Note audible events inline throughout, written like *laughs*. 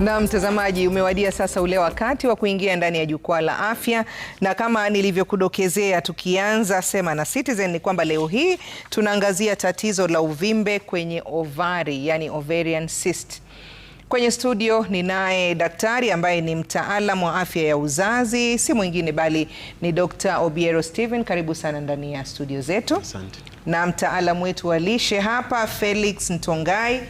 Na mtazamaji, umewadia sasa ule wakati wa kuingia ndani ya jukwaa la afya, na kama nilivyokudokezea, tukianza Sema na Citizen ni kwamba leo hii tunaangazia tatizo la uvimbe kwenye ovari, yani ovarian cyst. Kwenye studio ninaye daktari ambaye ni mtaalam wa afya ya uzazi, si mwingine bali ni Dr. Obiero Steven. Karibu sana ndani ya studio zetu. Asante. Na mtaalam wetu wa lishe hapa Felix Ntongai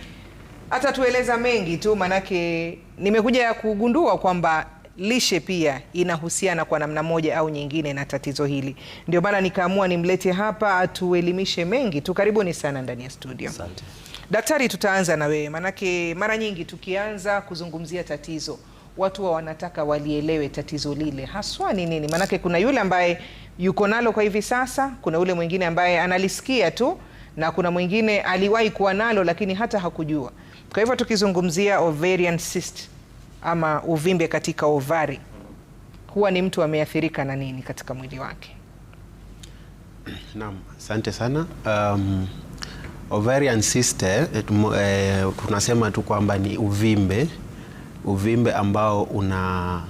atatueleza mengi tu, manake nimekuja kugundua kwamba lishe pia inahusiana kwa namna moja au nyingine na tatizo hili, ndio maana nikaamua nimlete hapa atuelimishe mengi tu. Karibuni sana ndani ya studio. Asante. Daktari, tutaanza na wewe, manake mara nyingi tukianza kuzungumzia tatizo watu wa wanataka walielewe tatizo lile haswa ni nini, maanake kuna yule ambaye yuko nalo kwa hivi sasa, kuna yule mwingine ambaye analisikia tu, na kuna mwingine aliwahi kuwa nalo lakini hata hakujua. Kwa hivyo tukizungumzia ovarian cyst ama uvimbe katika ovari, huwa ni mtu ameathirika na nini katika mwili wake? Naam, asante sana. Um, ovarian cyst eh, eh tunasema tu kwamba ni uvimbe uvimbe ambao una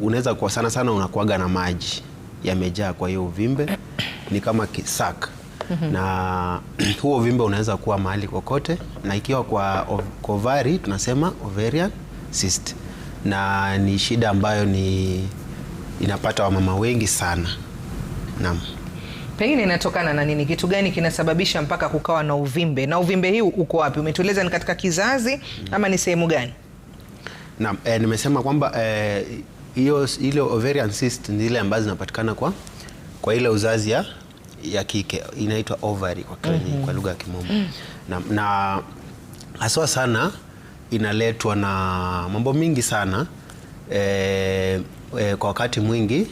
unaweza kuwa sana sana unakuaga na maji yamejaa, kwa hiyo uvimbe ni kama kisaka *laughs* na huo uvimbe unaweza kuwa mahali kokote, na ikiwa kwa ovari tunasema ovarian cyst, na ni shida ambayo ni inapata wamama wengi sana. Naam. Pengine inatokana na nini? Kitu gani kinasababisha mpaka kukawa na uvimbe? Na uvimbe hii uko wapi? Umetueleza ni katika kizazi ama ni sehemu gani? Naam, e, nimesema kwamba eh, hiyo e, ile ovarian cyst ni ile ambazo zinapatikana kwa kwa ile uzazi ya ya kike inaitwa ovary kwa kliniki, mm -hmm. kwa lugha ya kimombo mm -hmm. na, na haswa sana inaletwa na mambo mingi sana e, e, kwa wakati mwingi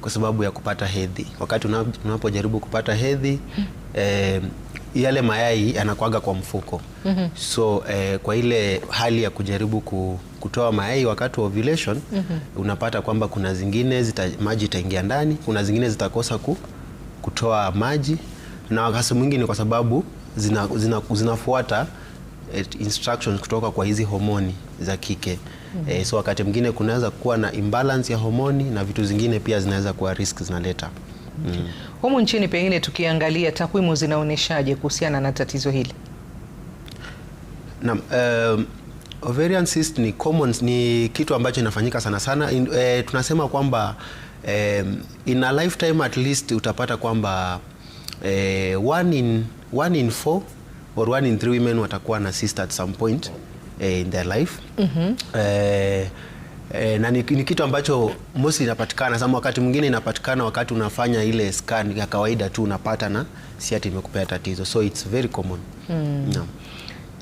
kwa sababu ya kupata hedhi. Wakati unapojaribu kupata hedhi mm -hmm. e, yale mayai yanakwaga kwa mfuko mm -hmm. so e, kwa ile hali ya kujaribu ku kutoa mayai wakati wa ovulation mm -hmm. unapata kwamba kuna zingine zita, maji itaingia ndani, kuna zingine zitakosa ku kutoa maji, na wakati mwingine kwa sababu zina, zina, zinafuata eh, instructions kutoka kwa hizi homoni za kike mm -hmm. E, so wakati mwingine kunaweza kuwa na imbalance ya homoni na vitu zingine pia zinaweza kuwa risk zinaleta mm. Humu nchini pengine tukiangalia takwimu zinaonyeshaje kuhusiana na tatizo hili? Naam, um, ovarian cyst ni common, ni kitu ambacho inafanyika sana sana in, e, tunasema kwamba eh, in a lifetime at least utapata kwamba eh, one in, one in four or one in three women watakuwa na cyst at some point eh, in their life mm -hmm. eh, eh, na ni, ni kitu ambacho mostly inapatikana sama, wakati mwingine inapatikana wakati unafanya ile scan ya kawaida tu unapata, na si ati imekupea tatizo, so it's very common mm. no.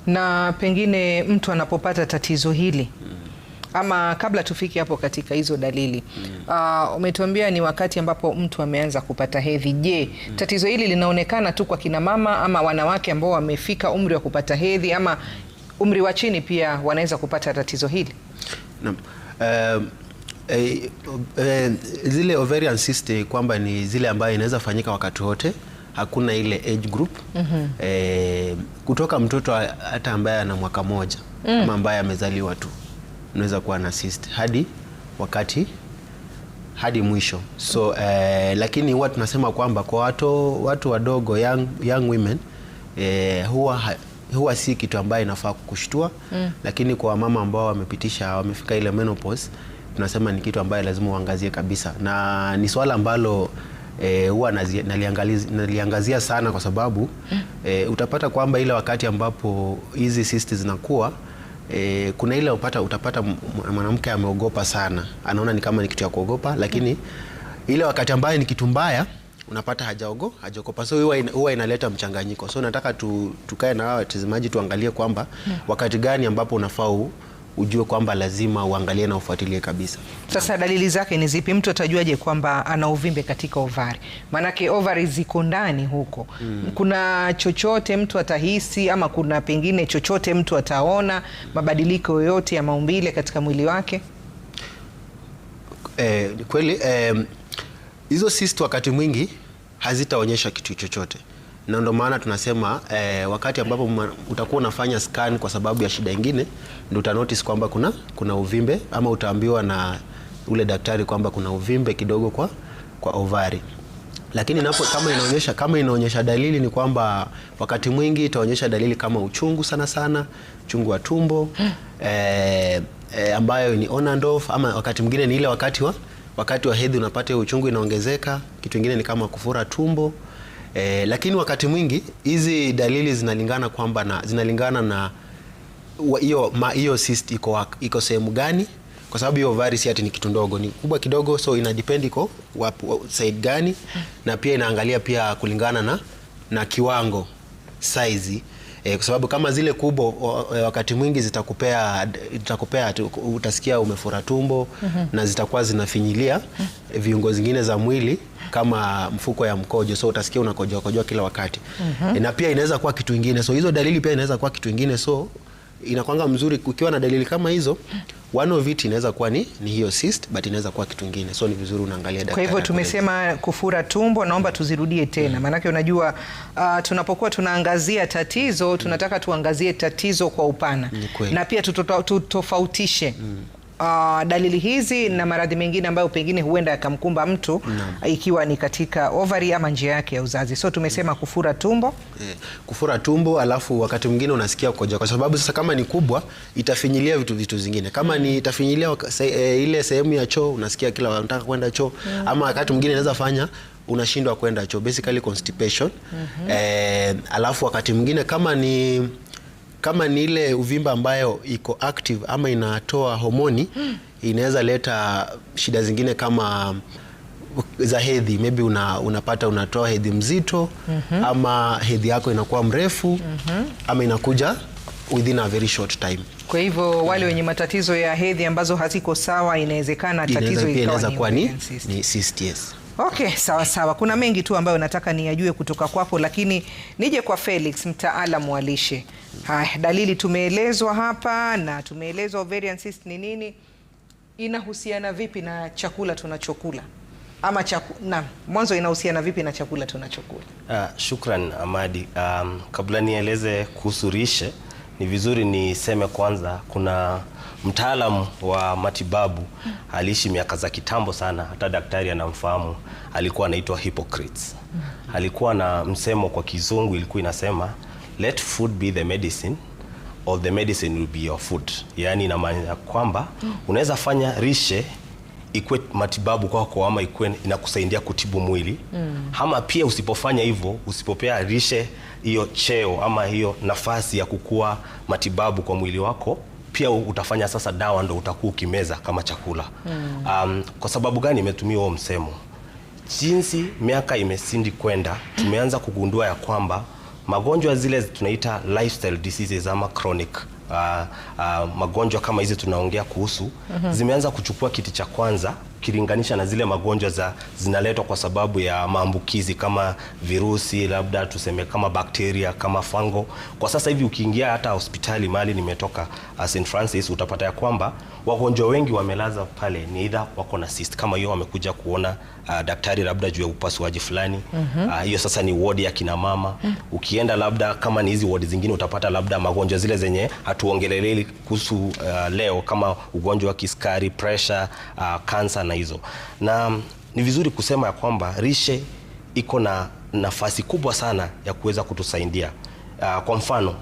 na pengine mtu anapopata tatizo hili mm ama kabla tufike hapo katika hizo dalili mm. uh, umetuambia ni wakati ambapo mtu ameanza kupata hedhi. Je, mm. tatizo hili linaonekana tu kwa kina mama ama wanawake ambao wamefika umri wa kupata hedhi ama umri wa chini pia wanaweza kupata tatizo hili? Naam. Um, eh, eh, zile ovarian cyst eh, kwamba ni zile ambayo inaweza fanyika wakati wote hakuna ile age group mm -hmm. eh, kutoka mtoto hata ambaye ana mwaka moja mm. ama ambaye amezaliwa tu mnaweza kuwa na assist hadi wakati hadi mwisho so eh, lakini huwa tunasema kwamba kwa watu, watu wadogo young, young women eh, huwa, huwa si kitu ambayo inafaa kukushtua mm. Lakini kwa wamama ambao wamepitisha wamefika ile menopause tunasema ni kitu ambayo lazima uangazie kabisa, na ni swala ambalo eh, huwa naliangazia sana kwa sababu mm. eh, utapata kwamba ile wakati ambapo hizi cysts zinakuwa E, kuna ile upata, utapata mwanamke ameogopa sana, anaona ni kama ni kitu ya kuogopa, lakini ile wakati ambayo ni kitu mbaya unapata hajaogo hajaogopa, so huwa ina, inaleta mchanganyiko. So nataka tu, tukae na watazamaji tuangalie kwamba wakati gani ambapo unafaa ujue kwamba lazima uangalie na ufuatilie kabisa. Sasa dalili zake ni zipi? Mtu atajuaje kwamba ana uvimbe katika ovari? Maanake ovari ziko ndani huko hmm. Kuna chochote mtu atahisi ama kuna pengine chochote mtu ataona mabadiliko yoyote ya maumbile katika mwili wake? Eh, kweli eh, hizo eh, cyst wakati mwingi hazitaonyesha kitu chochote na ndio maana tunasema eh, wakati ambapo utakuwa unafanya scan kwa sababu ya shida ingine, ndio utanotice kwamba kuna, kuna uvimbe ama utaambiwa na ule daktari kwamba kuna uvimbe kidogo kwa, kwa ovari lakini napo, kama inaonyesha kama inaonyesha dalili ni kwamba wakati mwingi itaonyesha dalili kama uchungu sana sana, uchungu wa tumbo eh, eh, ambayo ni on and off, ama wakati mwingine ni ile wakati wa, wakati wa hedhi unapata uchungu inaongezeka. Kitu kingine ni kama kufura tumbo e, lakini wakati mwingi hizi dalili zinalingana kwamba na zinalingana na hiyo hiyo cyst iko iko sehemu gani, kwa sababu hiyo ovari si ni kitu ndogo, ni kubwa kidogo, so ina depend iko side gani, na pia inaangalia pia kulingana na, na kiwango size e, kwa sababu kama zile kubwa eh, wakati mwingi zitakupea, zitakupea utasikia umefura tumbo mm -hmm. na zitakuwa zinafinyilia mm -hmm. viungo zingine za mwili kama mfuko ya mkojo, so utasikia unakojoa kojoa kila wakati mm -hmm. e, na pia inaweza kuwa kitu ingine, so hizo dalili pia inaweza kuwa kitu ingine, so inakwanga mzuri ukiwa na dalili kama hizo mm -hmm one of it inaweza kuwa ni, ni hiyo cyst but inaweza kuwa kitu kingine, so ni vizuri unaangalia daktari. Kwa hivyo tumesema kufura tumbo, naomba tuzirudie tena mm. maanake, mm. Unajua uh, tunapokuwa tunaangazia tatizo tunataka tuangazie tatizo kwa upana na pia tutofautishe mm uh, dalili hizi na maradhi mengine ambayo pengine huenda yakamkumba mtu no. ikiwa ni katika ovary ama njia yake ya uzazi. So tumesema kufura tumbo yeah. kufura tumbo, alafu wakati mwingine unasikia kukojoa, kwa sababu sasa kama ni kubwa itafinyilia vitu vitu zingine, kama ni mm. itafinyilia se, e, ile sehemu ya choo, unasikia kila unataka kwenda choo mm. ama wakati mwingine inaweza fanya unashindwa kwenda choo, basically constipation mm -hmm. eh, alafu wakati mwingine kama ni kama ni ile uvimba ambayo iko active ama inatoa homoni mm. inaweza leta shida zingine kama za hedhi maybe una, unapata unatoa hedhi mzito mm -hmm. ama hedhi yako inakuwa mrefu mm -hmm. ama inakuja within a very short time. Kwa hivyo wale wenye matatizo ya hedhi ambazo haziko sawa, inawezekana tatizo ikawa ni, ni cyst, yes. Okay, sawa sawa. Kuna mengi tu ambayo nataka niyajue kutoka kwako, lakini nije kwa Felix, mtaalamu wa lishe. Haya, dalili tumeelezwa hapa na tumeelezwa ovarian cyst ni nini, inahusiana vipi na chakula tunachokula ama chaku, na mwanzo inahusiana vipi na chakula tunachokula? Uh, shukran Amadi. Um, kabla nieleze kuhusu lishe, ni vizuri niseme kwanza kuna mtaalam wa matibabu aliishi miaka za kitambo sana, hata daktari anamfahamu. Alikuwa anaitwa Hippocrates. Alikuwa na msemo kwa Kizungu ilikuwa inasema let food be the medicine or the medicine will be your food, yaani inamaanisha kwamba unaweza fanya rishe ikuwe matibabu kwako ama ikuwe inakusaidia kutibu mwili mm. Ama pia usipofanya hivyo, usipopea lishe hiyo cheo ama hiyo nafasi ya kukua matibabu kwa mwili wako, pia utafanya sasa dawa ndo utakuwa ukimeza kama chakula mm. Um, kwa sababu gani imetumia huo msemo? Jinsi miaka imesindi kwenda, tumeanza kugundua ya kwamba magonjwa zile tunaita lifestyle diseases ama chronic uh, uh, magonjwa kama hizi tunaongea kuhusu mm -hmm. zimeanza kuchukua kiti cha kwanza ukilinganisha na zile magonjwa za zinaletwa kwa sababu ya maambukizi kama virusi, labda tuseme kama bakteria, kama fango. Kwa sasa hivi ukiingia hata hospitali mali nimetoka uh, St Francis, utapata ya kwamba wagonjwa wengi wamelaza pale ni either wako na cyst kama hiyo, wamekuja kuona uh, daktari labda juu ya upasuaji fulani mhm. uh, hiyo. mm -hmm. Uh, sasa ni wodi ya kina mama. mm -hmm. Ukienda labda kama ni hizi wodi zingine utapata labda magonjwa zile zenye hatuongelelei kuhusu uh, leo kama ugonjwa wa kisukari, pressure, uh, cancer na hizo, na mm, ni vizuri kusema ya kwamba lishe iko na nafasi kubwa sana ya kuweza kutusaidia. Uh, kwa mfano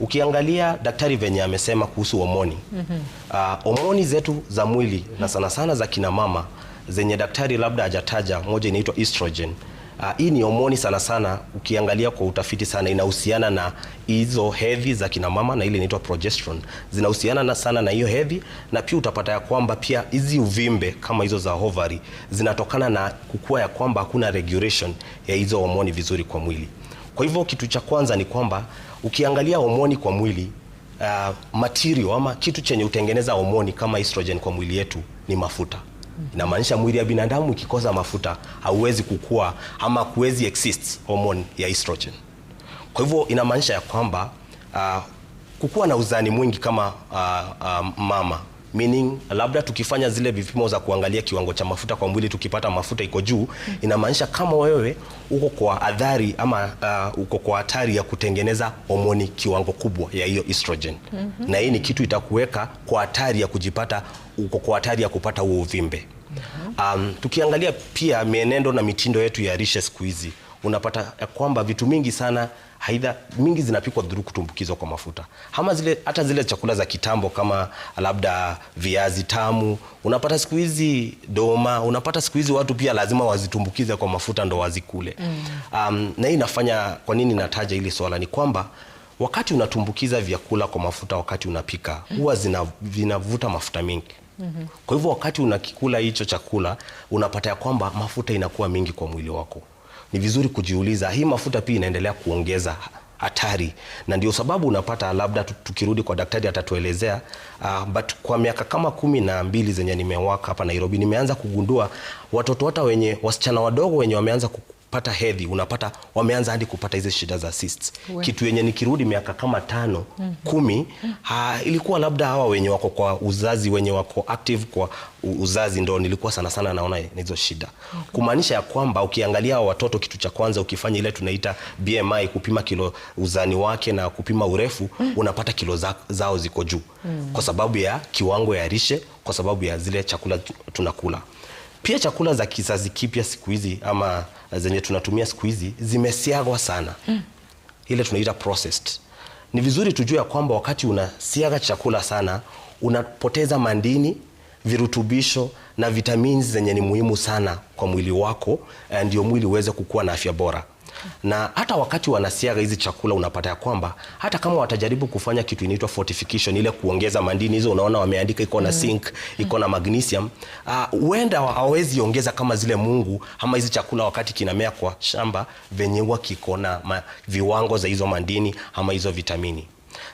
ukiangalia daktari venye amesema kuhusu homoni mm -hmm. uh, homoni zetu za mwili mm -hmm. na sana sana za kina mama zenye daktari labda hajataja, moja inaitwa estrogen Uh, hii ni homoni sana sana, ukiangalia kwa utafiti sana inahusiana na hizo hedhi za kina mama na ile inaitwa progesterone zinahusiana na sana na hiyo hedhi, na pia utapata ya kwamba pia hizi uvimbe kama hizo za ovary zinatokana na kukua ya kwamba hakuna regulation ya hizo homoni vizuri kwa mwili. Kwa hivyo kitu cha kwanza ni kwamba ukiangalia homoni kwa mwili uh, material ama kitu chenye utengeneza homoni kama estrogen kwa mwili yetu ni mafuta. Inamaanisha mwili ya binadamu ikikosa mafuta hauwezi kukua ama kuwezi exist hormone ya estrogen. Kwa hivyo inamaanisha ya kwamba uh, ah, kukuwa na uzani mwingi kama uh, uh, mama meaning labda tukifanya zile vipimo za kuangalia kiwango cha mafuta kwa mwili, tukipata mafuta iko juu, inamaanisha kama wewe uko kwa adhari ama uh, uko kwa hatari ya kutengeneza homoni kiwango kubwa ya hiyo estrogen mm -hmm. na hii ni kitu itakuweka kwa hatari ya kujipata, uko kwa hatari ya kupata huo uvimbe mm -hmm. um, tukiangalia pia mienendo na mitindo yetu ya lishe siku hizi unapata kwamba vitu mingi sana haidha mingi zinapikwa dhuru kutumbukizwa kwa mafuta, ama zile hata zile chakula za kitambo kama labda viazi tamu, unapata siku hizi doma, unapata siku hizi watu pia lazima wazitumbukize kwa mafuta ndo wazikule. mm. Um, na hii inafanya, kwa nini nataja hili swala ni kwamba wakati unatumbukiza vyakula kwa mafuta wakati unapika mm. huwa vinavuta mafuta mengi. Mm-hmm. Kwa hivyo wakati unakikula hicho chakula unapata ya kwamba mafuta inakuwa mingi kwa mwili wako ni vizuri kujiuliza, hii mafuta pia inaendelea kuongeza hatari, na ndio sababu unapata labda tukirudi kwa daktari atatuelezea. Uh, but kwa miaka kama kumi na mbili zenye nimewaka hapa Nairobi, nimeanza kugundua watoto hata wenye wasichana wadogo wenye wameanza pata hedhi, unapata wameanza hadi kupata hizi shida za cysts, kitu yenye nikirudi miaka kama tano mm -hmm. kumi mm-hmm. ha, ilikuwa labda hawa wenye wako kwa uzazi wenye wako active kwa uzazi ndo nilikuwa sana sana naona hizo shida mm -hmm. kumaanisha ya kwamba ukiangalia hawa watoto, kitu cha kwanza ukifanya ile tunaita BMI, kupima kilo uzani wake na kupima urefu mm -hmm. unapata kilo za, zao ziko juu mm -hmm. kwa sababu ya kiwango ya lishe, kwa sababu ya zile chakula tunakula. Pia chakula za kizazi kipya siku hizi ama zenye tunatumia siku hizi zimesiagwa sana mm. Ile tunaita processed. Ni vizuri tujue ya kwamba wakati unasiaga chakula sana unapoteza mandini virutubisho na vitamini zenye ni muhimu sana kwa mwili wako, eh, ndio mwili uweze kukua na afya bora na hata wakati wanasiaga hizi chakula unapata ya kwamba hata kama watajaribu kufanya kitu inaitwa fortification, ile kuongeza madini hizo, unaona wameandika iko na mm. zinc mm. iko na magnesium, ah, huenda uh, hawezi ongeza kama zile Mungu ama hizi chakula wakati kinamea kwa shamba venye huwa kiko na viwango za hizo madini ama hizo vitamini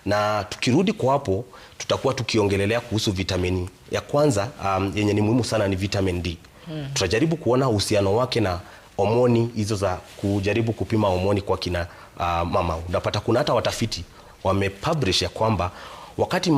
na tukirudi kwa hapo tutakuwa tukiongelelea kuhusu vitamini ya kwanza, um, yenye ni muhimu sana ni vitamin D. Hmm. Tutajaribu kuona uhusiano wake na homoni hizo za kujaribu kupima homoni kwa kina uh, mama. Unapata kuna hata watafiti wamepublish ya kwamba wakati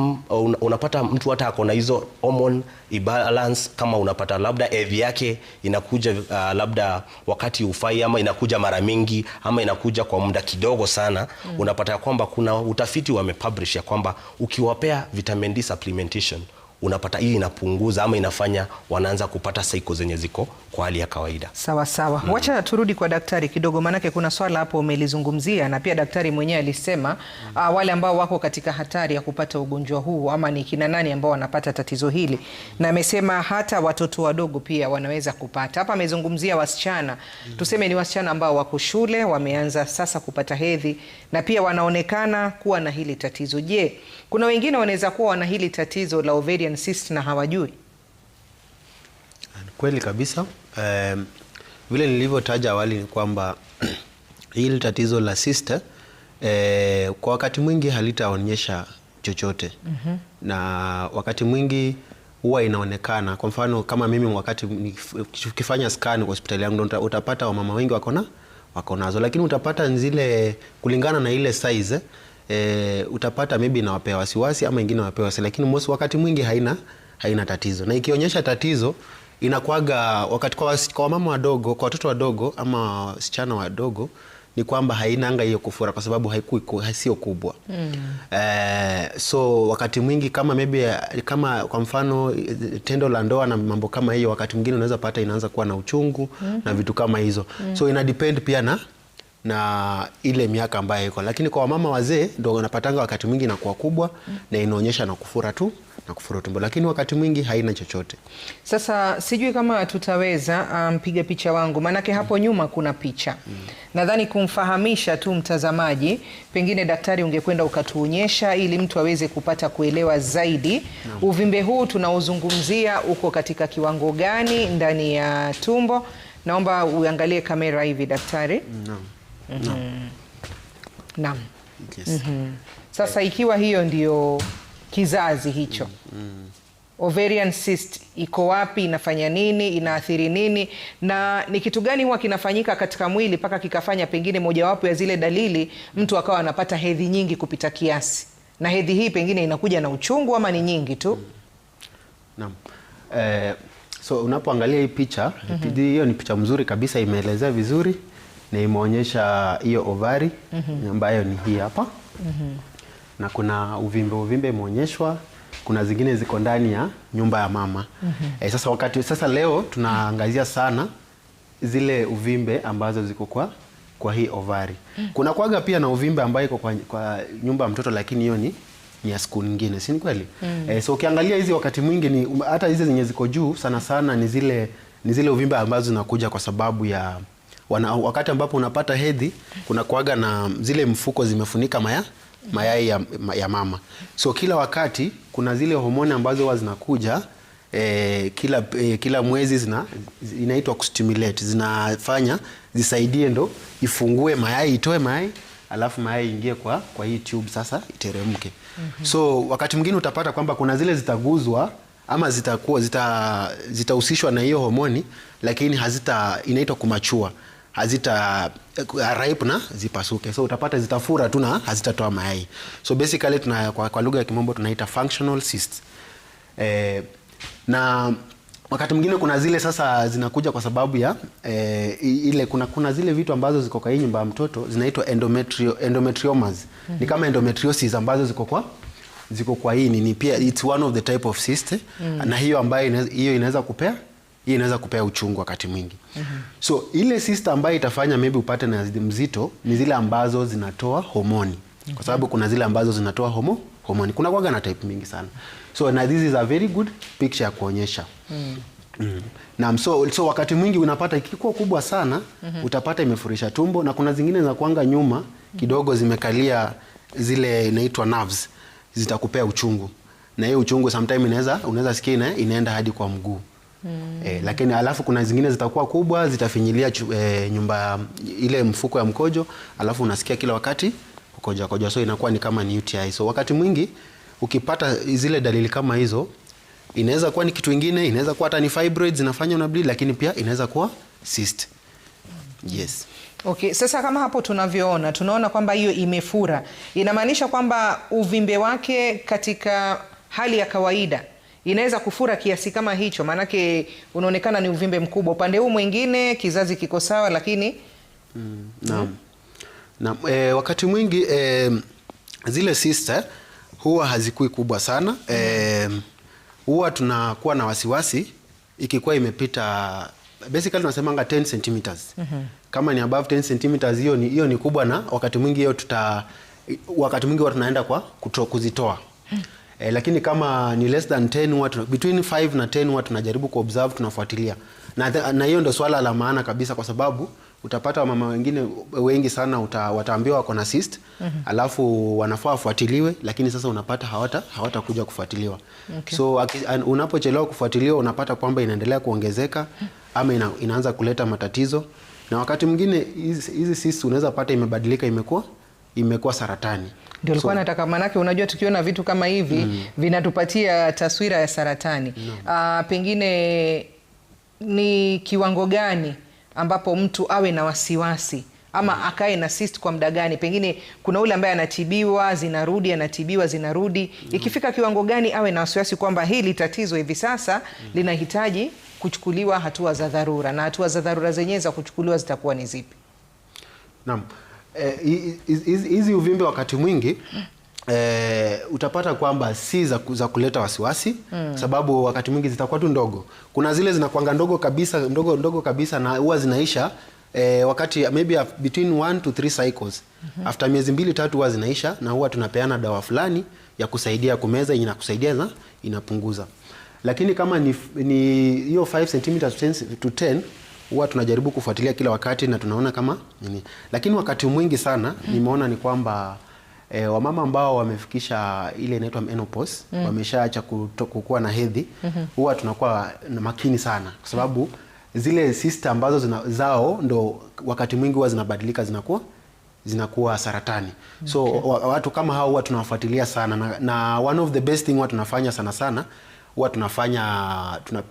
unapata mtu hata ako na hizo hormone imbalance, kama unapata labda evi yake inakuja uh, labda wakati ufai, ama inakuja mara mingi, ama inakuja kwa muda kidogo sana mm. Unapata ya kwamba kuna utafiti wamepublish ya kwamba ukiwapea vitamin D supplementation unapata hii inapunguza ama inafanya wanaanza kupata saiko zenye ziko kwa hali ya kawaida. Sawa sawa, mm. Wacha turudi kwa daktari kidogo, maanake kuna swala hapo umelizungumzia na pia daktari mwenyewe alisema mm. uh, wale ambao wako katika hatari ya kupata ugonjwa huu ama ni kina nani ambao wanapata tatizo hili mm. na amesema hata watoto wadogo pia wanaweza kupata. Hapa amezungumzia wasichana mm. tuseme ni wasichana ambao wako shule wameanza sasa kupata hedhi na pia wanaonekana kuwa na hili tatizo. Je, kuna wengine wanaweza kuwa wana hili tatizo la ovarian cyst na hawajui. Kweli kabisa. Um, vile nilivyotaja awali ni kwamba *clears throat* hili tatizo la cyst eh, kwa wakati mwingi halitaonyesha chochote mm -hmm. na wakati mwingi huwa inaonekana. Kwa mfano kama mimi, wakati nikifanya scan kwa hospitali yangu, utapata wamama wengi wako nazo, lakini utapata zile kulingana na ile size e, utapata maybe inawapea wasiwasi ama ingine inawapea wasiwasi, lakini most wakati mwingi haina, haina tatizo, na ikionyesha tatizo inakuaga wakati kwa, kwa wamama wadogo, kwa watoto wadogo ama wasichana wadogo ni kwamba hainanga hiyo kufura kwa sababu haiku sio kubwa mm. E, so wakati mwingi kama maybe kama kwa mfano eh, tendo la ndoa na mambo kama hiyo, wakati mwingine unaweza pata inaanza kuwa na uchungu mm -hmm. na vitu kama hizo mm. so ina depend pia na na ile miaka ambayo iko, lakini kwa wamama wazee ndio wanapatanga wakati mwingi na inakuwa kubwa mm. na inaonyesha na kufura tu na kufura tumbo, lakini wakati mwingi haina chochote. Sasa sijui kama tutaweza mpiga um, picha wangu, maanake hapo mm. nyuma kuna picha mm. nadhani kumfahamisha tu mtazamaji, pengine daktari, ungekwenda ukatuonyesha ili mtu aweze kupata kuelewa zaidi mm. uvimbe huu tunaozungumzia uko katika kiwango gani ndani ya tumbo. Naomba uangalie kamera hivi daktari mm. Naam. Yes. Mm -hmm. Sasa ikiwa hiyo ndio kizazi hicho mm -hmm. Ovarian cyst iko wapi? Inafanya nini? Inaathiri nini? Na ni kitu gani huwa kinafanyika katika mwili mpaka kikafanya pengine mojawapo ya zile dalili mtu akawa anapata hedhi nyingi kupita kiasi, na hedhi hii pengine inakuja na uchungu ama ni nyingi tu? mm -hmm. Eh, so unapoangalia hii picha mhm. hiyo, mm -hmm. ni picha mzuri kabisa, imeelezea vizuri na imeonyesha hiyo ovari mm -hmm. ambayo ni hii hapa mm -hmm. na kuna uvimbe uvimbe imeonyeshwa kuna zingine ziko ndani ya nyumba ya mama mm -hmm. E, sasa wakati sasa leo tunaangazia sana zile uvimbe ambazo ziko kwa kwa hii ovari mm -hmm. kuna kwaga pia na uvimbe ambayo iko kwa, kwa nyumba ya mtoto lakini hiyo ni ni ya siku nyingine, si ni kweli? mm. E, so ukiangalia hizi wakati mwingi ni hata hizi zenye ziko juu sana sana ni zile ni zile uvimbe ambazo zinakuja kwa sababu ya wana, wakati ambapo unapata hedhi kuna kuaga na zile mfuko zimefunika maya, mayai ya, ya mama. So kila wakati kuna zile homoni ambazo huwa zinakuja eh, kila, eh, kila mwezi zina, inaitwa kustimulate, zinafanya zisaidie ndo ifungue mayai itoe mayai alafu mayai ingie kwa, kwa hii tube sasa iteremke. mm -hmm. So wakati mwingine utapata kwamba kuna zile zitaguzwa ama zitakuwa zitahusishwa zita na hiyo homoni, lakini hazita inaitwa kumachua hazita eh, ripe na zipasuke, so utapata zitafura tu na hazitatoa mayai. So basically tuna, kwa, kwa lugha ya kimombo tunaita functional cysts eh, na wakati mwingine kuna zile sasa zinakuja kwa sababu ya eh, ile kuna, kuna zile vitu ambazo ziko kwa hii nyumba ya mtoto zinaitwa endometrio, endometriomas mm -hmm. Ni kama endometriosis ambazo ziko kwa ziko kwa hii nini pia, it's one of the type of cyst mm -hmm. Na hiyo ambayo hiyo inaweza kupea hii inaweza kupea uchungu wakati mwingi. mm -hmm. So ile sister ambayo itafanya maybe upate na mzito ni zile ambazo zinatoa homoni mm -hmm. kwa mhm. sababu kuna zile ambazo zinatoa homo homoni, kuna kwaga na type mingi sana, so na this is a very good picture ya kuonyesha mm. -hmm. Mm. Na so, so wakati mwingi unapata ikikuwa kubwa sana mm -hmm. utapata imefurisha tumbo na kuna zingine za kuanga nyuma kidogo zimekalia zile inaitwa nerves zitakupea uchungu, na hiyo uchungu sometime inaweza unaweza sikia inaenda hadi kwa mguu. Mm. E, lakini alafu kuna zingine zitakuwa kubwa zitafinyilia e, nyumba ile mfuko ya mkojo, alafu unasikia kila wakati ukoja koja, so inakuwa ni kama ni UTI. So wakati mwingi ukipata zile dalili kama hizo, inaweza kuwa ni kitu kingine, inaweza kuwa hata ni fibroids zinafanya una bleed, lakini pia inaweza kuwa cyst. Yes. Okay, sasa kama hapo tunavyoona, tunaona kwamba hiyo imefura, inamaanisha kwamba uvimbe wake katika hali ya kawaida inaweza kufura kiasi kama hicho, maanake unaonekana ni uvimbe mkubwa. Upande huu mwingine kizazi kiko sawa, lakini mm, mm. Na, e, eh, wakati mwingi e, zile sister huwa hazikui kubwa sana mm. e, huwa tunakuwa na wasiwasi ikikuwa imepita basically tunasemanga 10 cm mm -hmm. Kama ni above 10 cm hiyo ni hiyo ni kubwa, na wakati mwingi hiyo tuta wakati mwingi huwa tunaenda kwa kuto, kuzitoa mm eh, lakini kama ni less than 10 huwa between 5 na 10 huwa tunajaribu kuobserve, tunafuatilia na, na hiyo ndio swala la maana kabisa, kwa sababu utapata wamama wengine wengi sana uta, wataambiwa wako na cyst mm -hmm. alafu wanafaa wafuatiliwe, lakini sasa unapata hawata hawatakuja kufuatiliwa okay. So unapochelewa kufuatiliwa unapata kwamba inaendelea kuongezeka ama ina, inaanza kuleta matatizo, na wakati mwingine hizi cyst unaweza pata imebadilika imekuwa imekuwa saratani. Ndio nilikuwa so, nataka manake, unajua tukiona vitu kama hivi mm, vinatupatia taswira ya saratani no. Uh, pengine ni kiwango gani ambapo mtu awe na wasiwasi ama mm, akae na cyst kwa muda gani? Pengine kuna ule ambaye anatibiwa zinarudi, anatibiwa zinarudi mm, ikifika kiwango gani awe na wasiwasi kwamba hili tatizo hivi sasa mm, linahitaji kuchukuliwa hatua za dharura, na hatua za dharura zenyewe za kuchukuliwa zitakuwa ni zipi? Naam. Eh, hizi eh, uvimbe wakati mwingi eh, utapata kwamba si za, za kuleta wasiwasi mm. Sababu wakati mwingi zitakuwa tu ndogo. Kuna zile zinakwanga ndogo kabisa ndogo ndogo kabisa na huwa zinaisha eh, wakati maybe between one to three cycles mm -hmm. After miezi mbili tatu huwa zinaisha na huwa tunapeana dawa fulani ya kusaidia kumeza, inakusaidia na inapunguza, lakini kama ni hiyo 5 cm to 10 huwa tunajaribu kufuatilia kila wakati na tunaona kama nini, lakini wakati mwingi sana mm. nimeona ni kwamba E, wamama ambao wamefikisha ile inaitwa menopause mm. wameshaacha kukuwa na hedhi mm huwa -hmm. tunakuwa makini sana kwa sababu zile sister ambazo zina, zao ndo wakati mwingi huwa zinabadilika zinakuwa zinakuwa saratani so okay. watu kama hao huwa tunawafuatilia sana na, na one of the best thing huwa tunafanya sana sana huwa tunafanya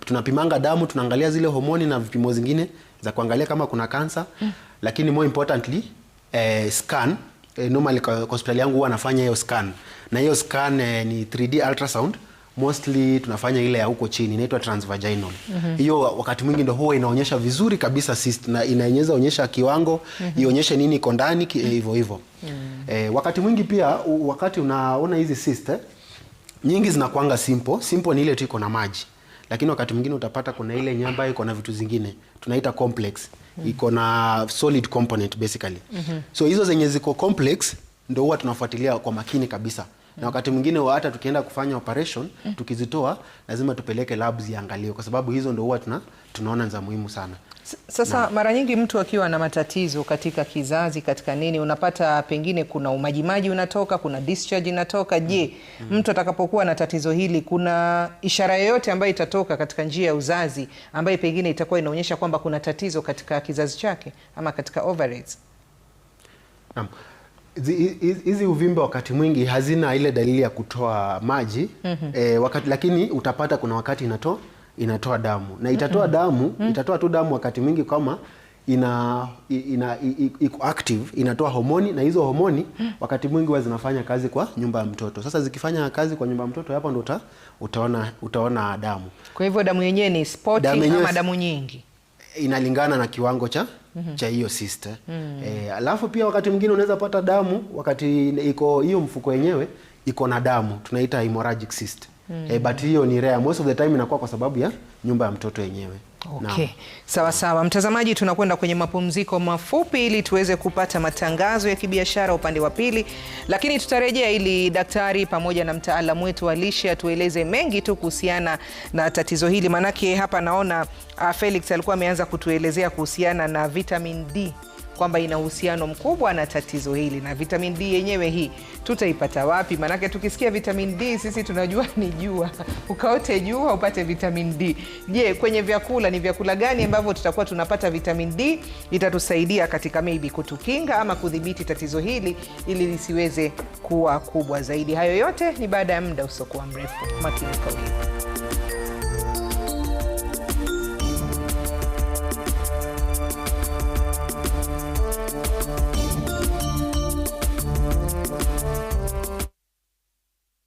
tunapimanga tuna damu, tunaangalia zile homoni na vipimo zingine za kuangalia kama kuna kansa mm. Lakini more importantly eh, scan eh, normally kwa hospitali yangu huwa nafanya hiyo scan na hiyo scan eh, ni 3D ultrasound mostly tunafanya ile ya huko chini inaitwa transvaginal mhm. hiyo. mm -hmm. Wakati mwingi ndio huwa inaonyesha vizuri kabisa cyst na inaenyeza onyesha kiwango mm -hmm. ionyeshe nini iko ndani eh, hivyo hivyo. mm -hmm. Eh, wakati mwingi pia wakati unaona hizi cyst eh, nyingi zinakuanga simple. Simple ni ile tu iko na maji, lakini wakati mwingine utapata kuna ile nyamba iko na vitu zingine tunaita complex, iko na solid component basically. mm -hmm. So hizo zenye ziko complex ndio huwa tunafuatilia kwa makini kabisa na wakati mwingine wa hata tukienda kufanya operation mm. tukizitoa lazima tupeleke labs iangalie, kwa sababu hizo ndio huwa tuna, tunaona za muhimu sana. Sasa na, mara nyingi mtu akiwa na matatizo katika kizazi katika nini, unapata pengine kuna umajimaji unatoka, kuna discharge inatoka. Je, mm, mtu atakapokuwa na tatizo hili, kuna ishara yoyote ambayo itatoka katika njia ya uzazi ambayo pengine itakuwa inaonyesha kwamba kuna tatizo katika kizazi chake ama katika ovaries? Naam. Hizi uvimbe wakati mwingi hazina ile dalili ya kutoa maji mm -hmm. E, wakati, lakini utapata kuna wakati inatoa inatoa damu na itatoa damu -mm. hmm itatoa tu damu wakati mwingi kama ina, ina, ina, iko active inatoa homoni na hizo homoni mm. wakati mwingi huwa zinafanya kazi kwa nyumba ya mtoto. Sasa zikifanya kazi kwa nyumba ya mtoto, hapo ndo utaona, utaona damu. Kwa hivyo damu yenyewe ni spoti ama damu nyingi inalingana na kiwango cha mm -hmm. cha hiyo sister mm -hmm. E, alafu pia wakati mwingine unaweza pata damu wakati iko hiyo mfuko yenyewe iko na damu tunaita hemorrhagic cyst. Eh, mm. eh, but hiyo ni rare. Most of the time inakuwa kwa sababu ya nyumba ya mtoto yenyewe. Okay. Na, sawa sawa. Mtazamaji, tunakwenda kwenye mapumziko mafupi ili tuweze kupata matangazo ya kibiashara upande wa pili, lakini tutarejea ili daktari pamoja na mtaalamu wetu wa lishe atueleze mengi tu kuhusiana na tatizo hili, maanake hapa naona ah, Felix alikuwa ameanza kutuelezea kuhusiana na vitamin D kwamba ina uhusiano mkubwa na tatizo hili. Na vitamin D yenyewe hii tutaipata wapi? Maanake tukisikia vitamin D sisi tunajua *laughs* ni jua, ukaote jua upate vitamin D. Je, kwenye vyakula ni vyakula gani ambavyo tutakuwa tunapata vitamin D itatusaidia katika maybe kutukinga ama kudhibiti tatizo hili ili lisiweze kuwa kubwa zaidi? Hayo yote ni baada ya muda usiokuwa mrefu. Makini kwa